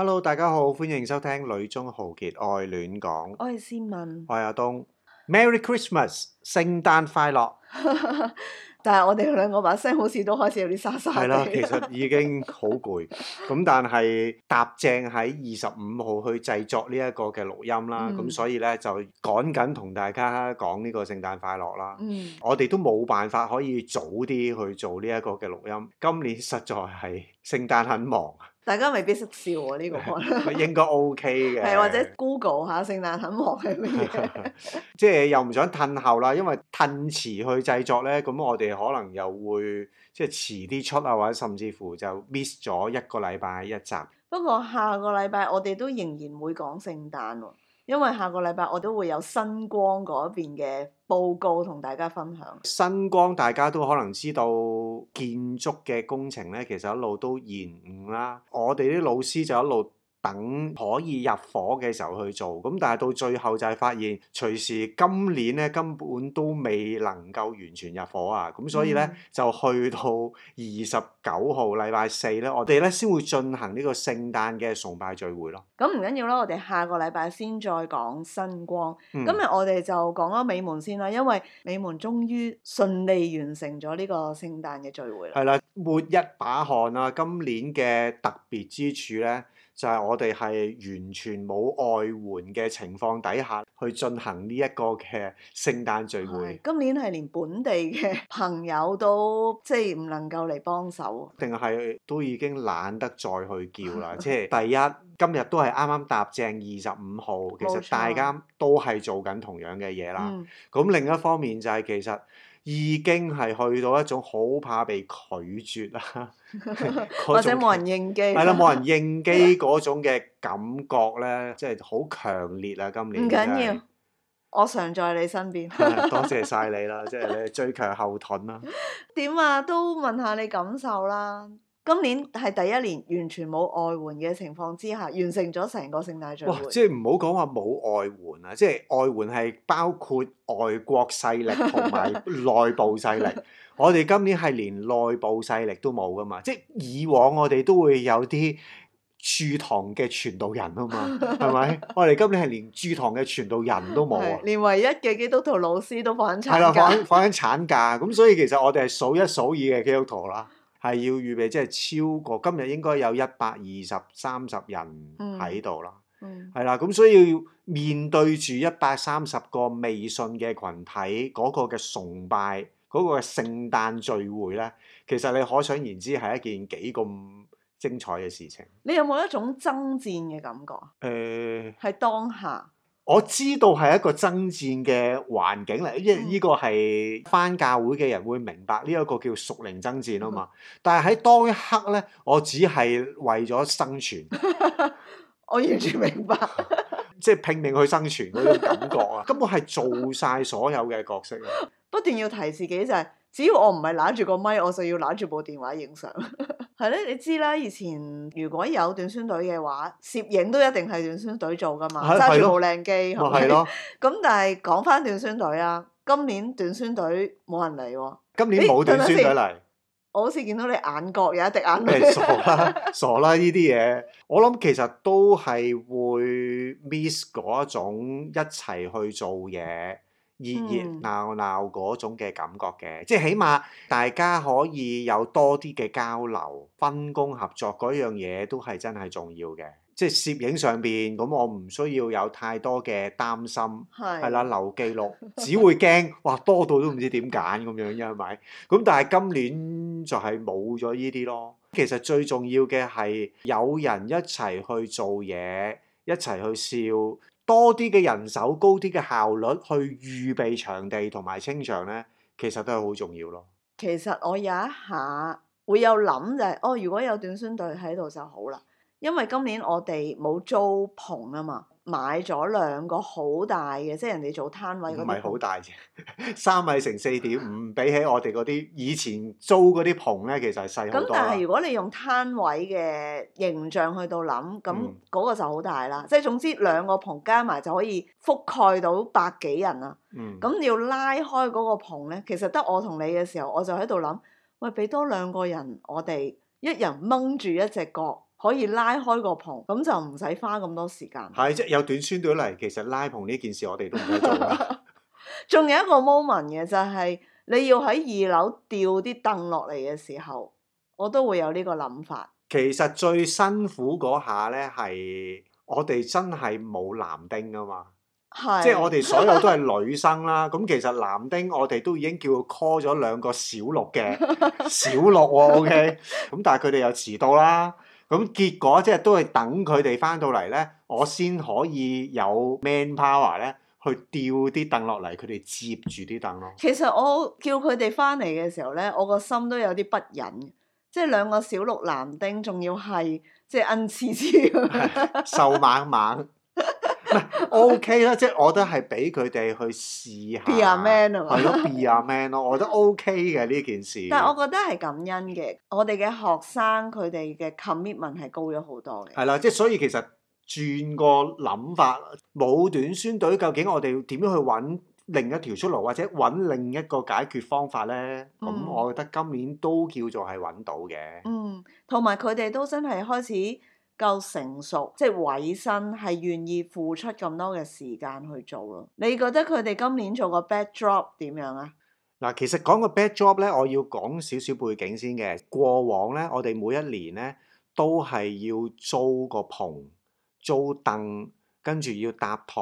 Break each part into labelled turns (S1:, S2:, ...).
S1: Hello，大家好，歡迎收聽《女中豪傑愛戀講》。我
S2: 係思敏，我
S1: 係阿東。Merry Christmas，聖誕快樂！
S2: 但係我哋兩個把聲好似都開始有啲沙沙。係啦，其實
S1: 已經好攰。咁但係踏正喺二十五號去製作呢一個嘅錄音啦，咁所以呢就趕緊同大家講呢個聖誕快樂啦。嗯，我哋都冇辦法可以早啲去做呢一個嘅錄音。今年實在係聖誕很忙。
S2: 大家未必識笑喎、啊，呢、呢個
S1: 應該 OK 嘅。係 或者
S2: Google 下聖誕「聖誕很
S1: 忙係咩？即係又唔想褪後啦，因為褪遲去製作呢。咁我哋可能又會即係遲啲出啊，或者甚至乎就 miss 咗一個禮拜一集。
S2: 不過下個禮拜我哋都仍然會講聖誕喎、啊。因為下個禮拜我都會有新光嗰邊嘅報告同大家分享。
S1: 新光大家都可能知道，建築嘅工程呢，其實一路都延誤啦。我哋啲老師就一路。等可以入伙嘅時候去做咁，但係到最後就係發現，隨時今年咧根本都未能夠完全入伙啊！咁所以咧、嗯、就去到二十九號禮拜四咧，我哋咧先會進行呢個聖誕嘅崇拜聚會咯。
S2: 咁唔緊要啦，我哋下個禮拜先再講新光。今日我哋就講咗美門先啦，因為美門終於順利完成咗呢個聖誕嘅聚會啦。係
S1: 啦，抹一把汗啊！今年嘅特別之處咧～就係我哋係完全冇外援嘅情況底下，去進行呢一個嘅聖誕聚會。
S2: 今年係連本地嘅朋友都即係唔能夠嚟幫手，
S1: 定係都已經懶得再去叫啦。即係的第一，今日都係啱啱搭正二十五號，錯其實大家都係做緊同樣嘅嘢啦。咁、嗯、另一方面就係其實。已經係去到一種好怕被拒絕啊！
S2: 種 或者冇人應機，係 啦，冇人
S1: 應機嗰種嘅感覺咧，即係好強烈啊！今年唔緊要，
S2: 我常在你身邊。 多
S1: 謝晒你啦，即係你最強後盾啦。
S2: 點 啊？都問下你感受啦。今年係第一年完全冇外援嘅情況之下，完成咗成個聖誕聚會。哇！即係
S1: 唔好講話冇外援啊！即係外援係包括外國勢力同埋內部勢力。 我哋今年係連內部勢力都冇噶嘛？即係以往我哋都會有啲駐堂嘅傳道人啊嘛，係咪？ 我哋今年係連駐堂嘅傳道人都冇啊！
S2: 連唯一嘅基督徒老師都放喺產係啦，放喺
S1: 放喺產假。咁所以其實我哋係數一數二嘅基督徒啦。係要預備，即係超過今日應該有一百二十三十人喺度啦。係啦、嗯，咁、嗯、所以要面對住一百三十個微信嘅群體嗰、那個嘅崇拜，嗰、那個聖誕聚會咧，其實你可想而知係一件幾咁精彩嘅事情。
S2: 你有冇一種爭戰嘅感覺？
S1: 誒、欸，
S2: 係當下。
S1: 我知道係一個爭戰嘅環境嚟，因為呢個係翻教會嘅人會明白呢一、這個叫屬靈爭戰啊嘛。嗯、但係喺當一刻呢，我只係為咗生存。
S2: 我完全明白，
S1: 即係拼命去生存嗰種感覺啊！根本係做晒所有嘅角色啊！
S2: 不斷要提示自己就係、是，只要我唔係攞住個麥，我就要攞住部電話影相。 係咧，你知啦，以前如果有短宣隊嘅話，攝影都一定係短宣隊做㗎嘛，揸住部靚機。哦，係咯。咁、啊、的但係講翻短宣隊啊，今年短宣隊冇人嚟喎、啊。今年冇短宣隊嚟。我好似見到你眼角有一滴眼淚。傻
S1: 啦，傻啦！呢啲嘢，我諗其實都係會 miss 嗰一種一齊去做嘢。熱熱鬧鬧嗰種嘅感覺嘅，嗯、即係起碼大家可以有多啲嘅交流、分工合作嗰樣嘢都係真係重要嘅。即係攝影上邊，咁我唔需要有太多嘅擔心，係啦的，的留記錄， 只會驚哇多到都唔知點揀咁樣，啫係咪？咁但係今年就係冇咗呢啲咯。其實最重要嘅係有人一齊去做嘢，一齊去笑。多啲嘅人手，高啲嘅效率去預備場地同埋清場呢，其實都係好重要咯。
S2: 其實我有一下會有諗就係、是，哦，如果有短宣隊喺度就好啦，因為今年我哋冇租棚啊嘛。買咗兩個好大嘅，即係人哋做攤位。唔係好
S1: 大啫，三米乘四點五，比起我哋嗰啲以前租嗰啲棚咧，其實係細好多。咁但係如
S2: 果你用攤位嘅形象去到諗，咁嗰個就好大啦。即係、嗯、總之兩個棚加埋就可以覆蓋到百幾人啦。咁、嗯、你要拉開嗰個棚咧，其實得我同你嘅時候，我就喺度諗，喂，俾多兩個人，我哋一人掹住一隻角。可以拉開個棚，咁就唔使花咁多時間。係，
S1: 即係有短宣到嚟，其實拉棚呢件事我哋都唔使做。
S2: 仲有一個 moment 嘅就係你要喺二樓吊啲凳落嚟嘅時候，我都會有呢個諗法。
S1: 其實最辛苦嗰下呢，係我哋真係冇男丁啊嘛，
S2: 即係是 我哋所有都
S1: 係女生啦。咁其實男丁我哋都已經叫佢 call 咗兩個小六嘅小六喎，OK。咁 但係佢哋又遲到啦。咁結果即係都係等佢哋翻到嚟咧，我先可以有 man power 咧去吊啲凳落嚟，佢哋接住啲凳咯。其
S2: 實我叫佢哋翻嚟嘅時候咧，我個心都有啲不忍，即係兩個小鹿男丁仲要係即係恩痴痴
S1: 瘦蜢蜢。O K 啦，即係 a 我覺得係俾佢哋去試下，係咯，be 阿 man 咯，我覺得 O K 嘅呢件事。但係我
S2: 覺得係感恩嘅，我哋嘅學生佢哋嘅 commitment 係高咗好多嘅。
S1: 係啦， 即係所以其實轉個諗法，冇短宣隊，究竟我哋點樣去揾另一條出路，或者揾另一個解決方法咧？咁我覺得今年都叫做係揾到嘅。嗯，
S2: 同埋佢哋都真係開始。夠成熟，即係委身，係願意付出咁多嘅時間去做咯。你覺得佢哋今年做個 bad job 點樣啊？
S1: 嗱，其實講個 bad job 咧，我要講少少背景先嘅。過往咧，我哋每一年咧都係要租個棚、租凳，跟住要搭台。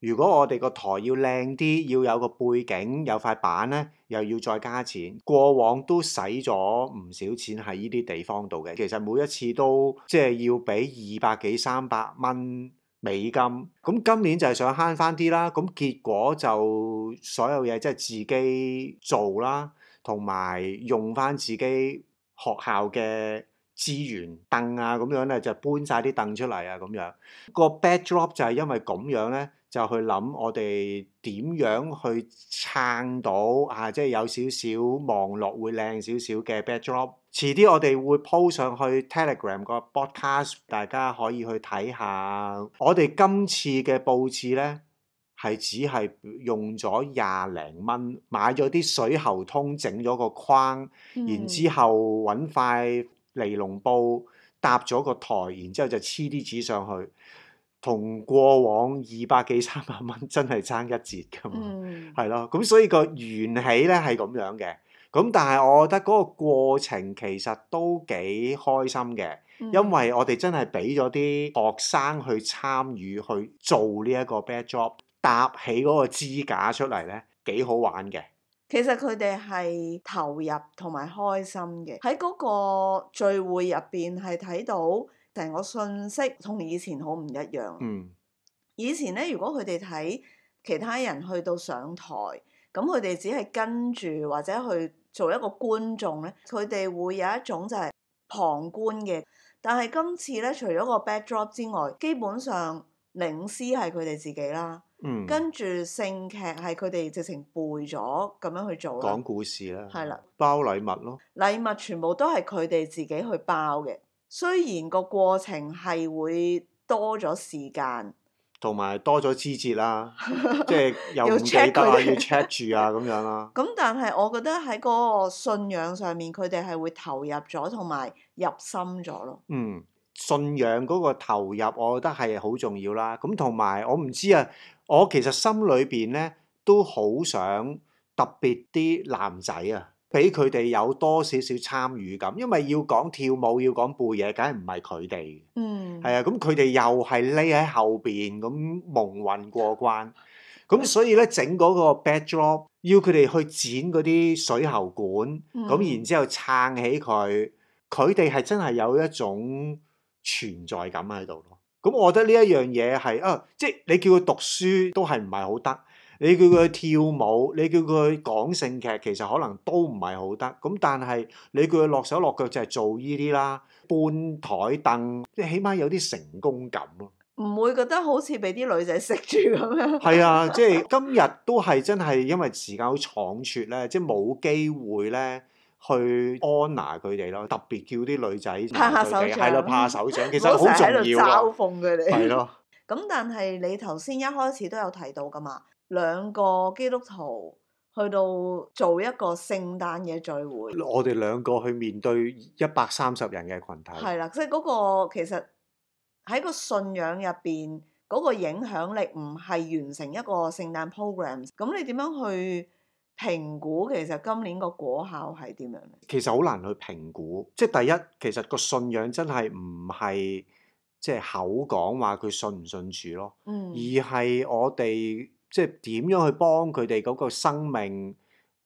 S1: 如果我哋個台要靚啲，要有個背景，有塊板咧，又要再加錢。過往都使咗唔少錢喺呢啲地方度嘅。其實每一次都即係要俾二百幾三百蚊美金。咁今年就係想慳翻啲啦，咁結果就所有嘢即係自己做啦，同埋用翻自己學校嘅資源凳啊咁樣咧，就搬晒啲凳出嚟啊咁樣。個 backdrop 就係因為咁樣咧。就去諗我哋點樣去撐到啊！即係有少少望落會靚少少嘅 background 遲啲我哋會 po 上去 Telegram 個 broadcast，大家可以去睇下。我哋今次嘅佈置呢，係只係用咗廿零蚊，買咗啲水喉通，整咗個框，嗯、然之後揾塊尼龍布搭咗個台，然之後就黐啲紙上去。同過往二百幾三百蚊真係爭一截咁、嗯，係咯，咁所以個緣起咧係咁樣嘅。咁但係我覺得嗰個過程其實都幾開心嘅，嗯、因為我哋真係俾咗啲學生去參與去做呢一個 bad job，搭起嗰個支架出嚟咧，幾好玩嘅。
S2: 其實佢哋係投入同埋開心嘅，喺嗰個聚會入邊係睇到。成個信息同以前好唔一樣。嗯，以前咧，如果佢哋睇其他人去到上台，咁佢哋只係跟住或者去做一個觀眾咧，佢哋會有一種就係旁觀嘅。但係今次咧，除咗個 backdrop 之外，基本上領詩係佢哋自己啦。嗯，跟住聖劇係佢哋直情背咗咁樣去做咯。講
S1: 故事啦，係啦，包禮物咯，
S2: 禮物全部都係佢哋自己去包嘅。雖然個過程係會多咗時間，
S1: 同埋多咗枝節啦， 即係又唔記得啊， 要 check 住啊咁樣啦。
S2: 咁 但係我覺得喺嗰個信仰上面，佢哋係會投入咗，同埋入心咗咯。嗯，
S1: 信仰嗰個投入，我覺得係好重要啦。咁同埋我唔知啊，我其實心裏邊咧都好想特別啲男仔啊。俾佢哋有多少少參與感，因為要講跳舞、要講背嘢，梗係唔係佢哋。嗯，係啊，咁佢哋又係匿喺後邊咁蒙混過關。咁、嗯、所以咧，整嗰個 backdrop 要佢哋去剪嗰啲水喉管，咁、嗯、然之後撐起佢。佢哋係真係有一種存在感喺度咯。咁我覺得呢一樣嘢係啊，即係你叫佢讀書都係唔係好得。你叫佢跳舞，你叫佢講性劇，其實可能都唔係好得。咁但係你叫佢落手落腳就係做呢啲啦，搬台凳，即係起碼有啲成功感咯。
S2: 唔會覺得好似俾啲女仔食住咁樣。係 啊，即係
S1: 今日都係真係因為時間好倉促咧，即係冇機會咧去安拿佢哋咯。特別叫啲女仔拍下手掌，係咯，拍手掌，其實好重
S2: 要啊。係咯。咁但係你頭先一開始都有提到噶嘛？兩個基督徒去到做一個聖誕嘅聚會，我哋
S1: 兩個去面對一百三十人嘅群體。係
S2: 啦，即係嗰個其實喺個信仰入邊嗰個影響力，唔係完成一個聖誕 program。咁你點樣去評估其實今年個果效係點樣呢？
S1: 其實好難去評估，即係第一，其實個信仰真係唔係即係口講話佢信唔信主咯，嗯、而係我哋。即係點樣去幫佢哋嗰個生命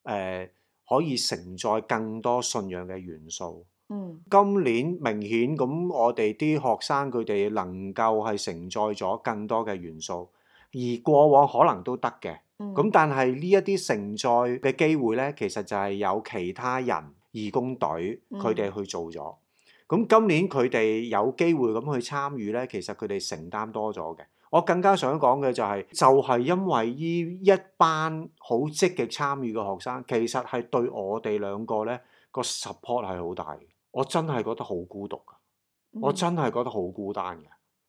S1: 誒可以承載更多信仰嘅元素？嗯，今年明顯咁，我哋啲學生佢哋能夠係承載咗更多嘅元素，而過往可能都得嘅。嗯，咁但係呢一啲承載嘅機會咧，其實就係有其他人義工隊佢哋去做咗。咁今年佢哋有機會咁去參與咧，其實佢哋承擔多咗嘅。我更加想講嘅就係，就係因為依一班好積極參與嘅學生，其實係對我哋兩個呢個 support 係好大。我真係覺得好孤獨
S2: 㗎，我真
S1: 係覺得好孤單嘅。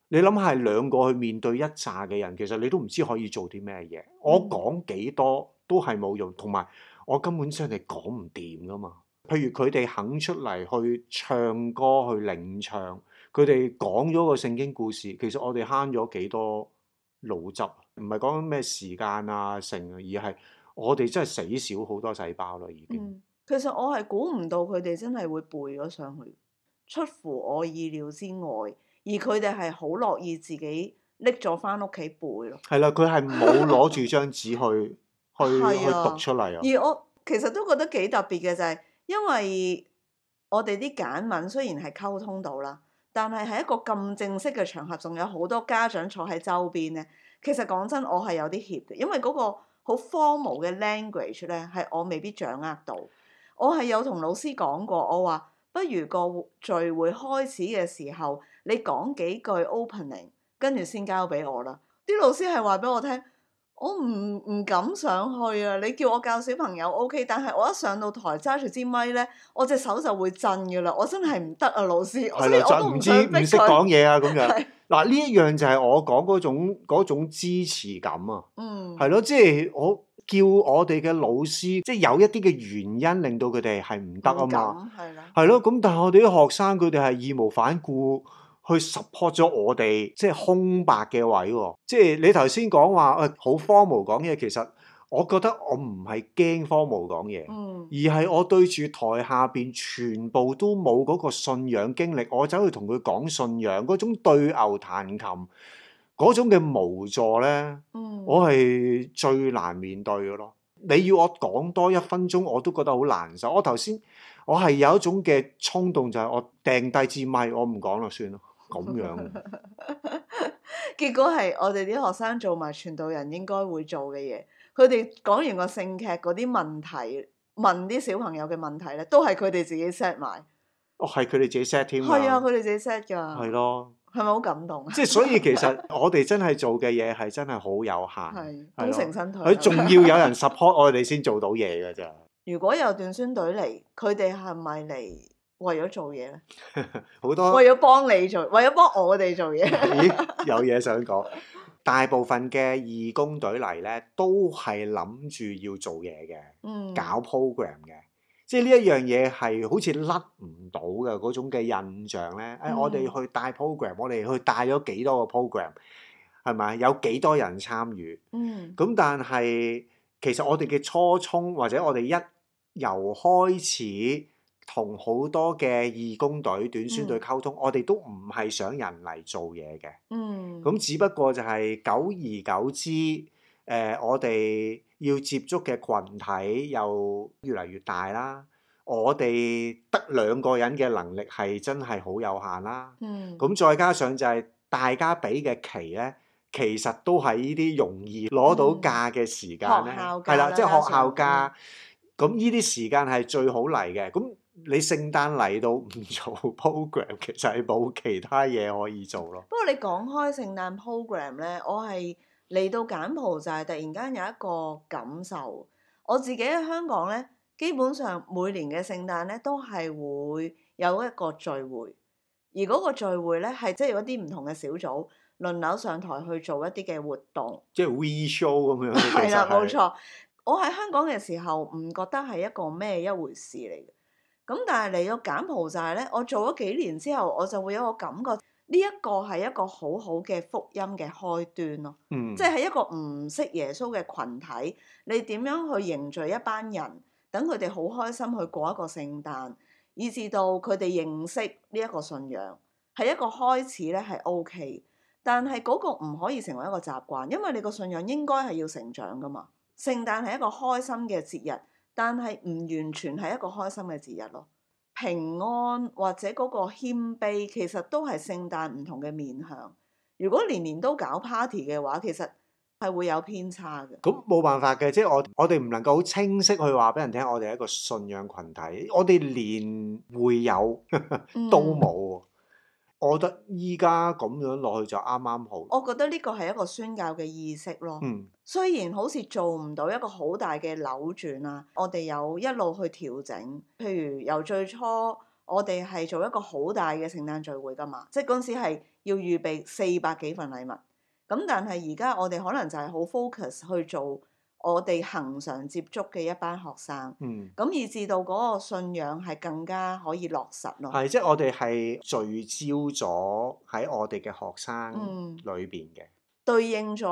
S1: 你諗下，兩個去面對一紮嘅人，其實你都唔知可以做啲咩嘢。我講幾多都係冇用，同埋我根本上係講唔掂噶嘛。譬如佢哋肯出嚟去唱歌去領唱，佢哋講咗個聖經故事，其實我哋慳咗幾多腦汁，唔係講咩時間啊剩，而係我哋真係死少好多細胞咯。已
S2: 經，嗯、其實我係估唔到佢哋真係會背咗上去，出乎我意料之外。而佢哋係好樂意自己拎咗返屋企背咯。
S1: 係啦、啊，佢係冇攞住張紙去 去、啊、去讀出嚟啊。而我
S2: 其實都覺得幾特別嘅就係、是，因為我哋啲簡文雖然係溝通到啦。但係喺一個咁正式嘅場合，仲有好多家長坐喺周邊咧。其實講真，我係有啲怯嘅，因為嗰個好荒謬嘅 language 咧，係我未必掌握到。我係有同老師講過，我話不如個聚會開始嘅時候，你講幾句 opening，跟住先交俾我啦。啲老師係話俾我聽。我唔唔敢上去啊！你叫我教小朋友 OK，但係我一上到台揸住支咪咧，我隻手就會震噶啦！我真係唔得啊，老師，的我真係我唔知唔識講嘢
S1: 啊咁樣。嗱，呢一樣就係我講嗰種嗰種支持感啊。嗯，係咯，即係我叫我哋嘅老師，即係有一啲嘅原因令到佢哋係唔得啊嘛。係咯，嗯，咁但係我哋啲學生佢哋係義無反顧。去 support 咗我哋即係空白嘅位。哦，即係你頭先講話誒好荒謬講嘢。其實我覺得我唔係驚荒謬講嘢，嗯，而係我對住台下邊全部都冇嗰個信仰經歷，我走去同佢講信仰嗰種對牛彈琴嗰種嘅無助咧，嗯，我係最難面對嘅咯。你要我講多一分鐘，我都覺得好難受。我頭先我係有一種嘅衝動，就係、係、我掟低支咪，我唔講啦，算啦。咁樣，
S2: 結果係我哋啲學生做埋傳道人應該會做嘅嘢。佢哋講完個聖劇嗰啲問題，問啲小朋友嘅問題咧，都係佢哋自己 set 埋。
S1: 哦，係佢哋自己 set 添。係啊，佢
S2: 哋自己 set 㗎。係咯。係咪好感動？即係所以其實
S1: 我哋真係做嘅嘢係真係好有限。
S2: 係。 功成身退。佢仲要有人
S1: support 我哋先做到嘢㗎咋，
S2: 如果有短宣隊嚟，佢哋係咪嚟？為咗做嘢，
S1: 好 多為咗
S2: 幫你做，為咗幫我哋做嘢。 咦，
S1: 有嘢想講，大部分嘅義工隊嚟咧，都係諗住要做嘢嘅，嗯，搞 program 嘅，即係呢一樣嘢係好似甩唔到嘅嗰種嘅印象咧。誒、哎，我哋去帶 program，我哋去帶咗幾多個 program，係咪？有幾多人參與？嗯，咁但係其實我哋嘅初衷或者我哋一由開始。同好多嘅義工隊、短宣隊溝通，我哋都唔係想人嚟做嘢嘅。嗯。咁只不過就係久而久之，誒，我哋要接觸嘅羣體又越嚟越大啦。我哋得兩個人嘅能力係真係好有限啦。嗯。咁再加上就係大家俾嘅期咧，其實都係呢啲容易攞到假嘅時間咧。學校假啦。係啦，即係學校假。咁呢啲時間係最好嚟嘅。咁你聖誕嚟都唔做 program，其實係冇其他嘢可以做咯。
S2: 不過你講開聖誕 program 咧，我係嚟到柬埔寨突然間有一個感受。我自己喺香港咧，基本上每年嘅聖誕咧都係會有一個聚會，而嗰個聚會咧係即係有一啲唔同嘅小組輪流上台去做一啲嘅活動，
S1: 即係 we show 咁樣。係啦， 冇錯。
S2: 我喺香港嘅時候，唔覺得係一個咩一回事嚟嘅。咁但係嚟到柬埔寨咧，我做咗幾年之後，我就會有個感覺，呢一個係、嗯、一個好好嘅福音嘅開端咯。即係一個唔識耶穌嘅群體，你點樣去凝聚一班人，等佢哋好開心去過一個聖誕，以至到佢哋認識呢一個信仰，係一個開始咧，係 OK。但係嗰個唔可以成為一個習慣，因為你個信仰應該係要成長㗎嘛。聖誕係一個開心嘅節日。但係唔完全係一個開心嘅節日咯，平安或者嗰個謙卑其實都係聖誕唔同嘅面向。如果年年都搞 party 嘅話，其實係會有偏差嘅。
S1: 咁冇辦法嘅，即係我我哋唔能夠好清晰去話俾人聽，我哋係一個信仰群體，我哋連會友都冇。我覺得依家咁樣落去就啱啱好。我
S2: 覺得呢個係一個宣教嘅意識咯。嗯、雖然好似做唔到一個好大嘅扭轉啊，我哋有一路去調整。譬如由最初我哋係做一個好大嘅聖誕聚會㗎嘛，即係嗰時係要預備四百幾份禮物。咁但係而家我哋可能就係好 focus 去做。我哋恒常接觸嘅一班學生，咁、嗯、以至到嗰個信仰係更加可以落實咯。係，即
S1: 係我哋係聚焦咗喺我哋嘅學生裏邊嘅，
S2: 對應咗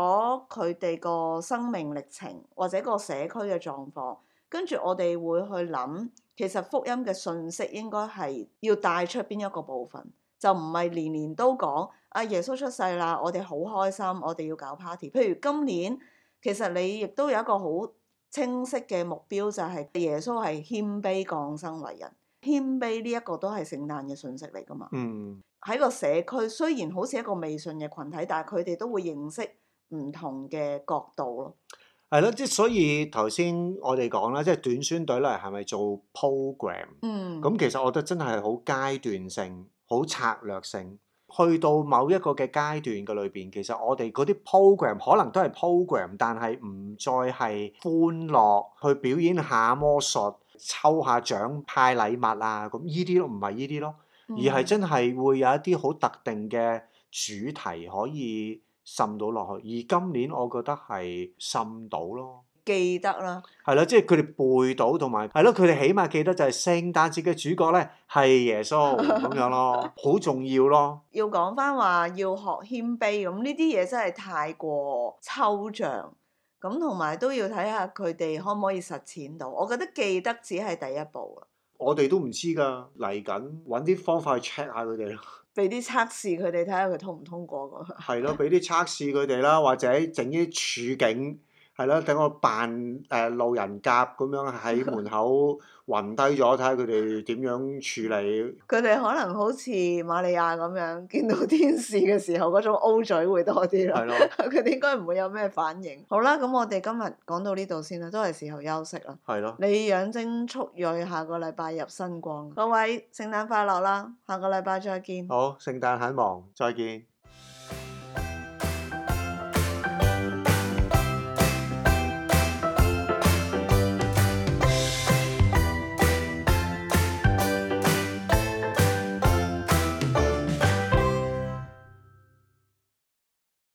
S2: 佢哋個生命歷程或者個社區嘅狀況，跟住我哋會去諗，其實福音嘅信息應該係要帶出邊一個部分，就唔係年年都講啊耶穌出世啦，我哋好開心，我哋要搞 party。譬如今年。其實你亦都有一個好清晰嘅目標，就係、是、耶穌係謙卑降生為人，謙卑呢、嗯、一個都係聖誕嘅訊息嚟㗎嘛。嗯。喺個社區，雖然好似一個微信嘅群體，但係佢哋都會認識唔同嘅角度咯。
S1: 係咯，即係所以頭先我哋講啦，即係短宣隊嚟係咪做 program？嗯。咁其實我覺得真係好階段性，好策略性。去到某一個嘅階段嘅裏邊，其實我哋嗰啲 program 可能都係 program，但係唔再係歡樂去表演下魔術、抽下獎、派禮物啊咁，依啲都唔係依啲咯，而係真係會有一啲好特定嘅主題可以滲到落去。而今年我覺得係滲到咯。記得啦，係啦，即係佢哋背到同埋係咯，佢哋起碼記得就係聖誕節嘅主角咧係耶穌咁樣咯，好 重要咯。
S2: 要講翻話要學謙卑咁呢啲嘢真係太過抽象，咁同埋都要睇下佢哋可唔可以實踐到。我覺得記得只係第一步啊。
S1: 我哋都唔知噶，嚟緊揾啲方法去 check 下佢哋咯，
S2: 俾啲測試佢哋睇下佢通唔通過咁。
S1: 係咯，俾啲測試佢哋啦，或者整啲處境。 係咯，等我扮誒、呃、路人甲咁樣喺門口暈低咗，睇下佢哋點樣處理。
S2: 佢哋 可能好似瑪利亞咁樣，見到天使嘅時候嗰種 O 嘴會多啲啦。佢哋的 應該唔會有咩反應。好啦，咁我哋今日講到呢度先啦，都係時候休息啦。係咯的。你養精蓄鋭，下個禮拜入新光。各位聖誕快樂啦！下個禮拜再見。
S1: 好，聖誕很忙，再見。